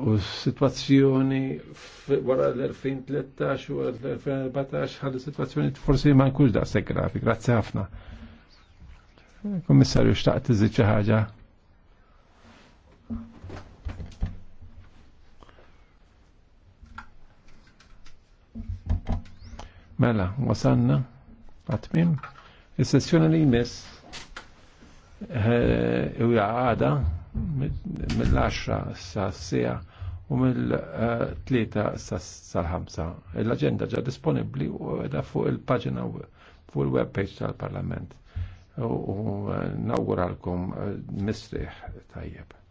U situazzjoni wara l-2013 u l-2014 ħalli situazzjoni forsi ma nkunx daqshekk grafi, grazzi ħafna. Kommissarju xtaqt tiżid xi ħaġa. Mela, wasanna għatmim. Is-sessjoni li jmiss eh, u jgħada mill-10 sa' sija u mill-3 sa' 5. L-agenda ġa disponibli u edha fuq il-pagina fuq il-webpage tal-Parlament. U nawguralkom eh, misriħ tajjeb.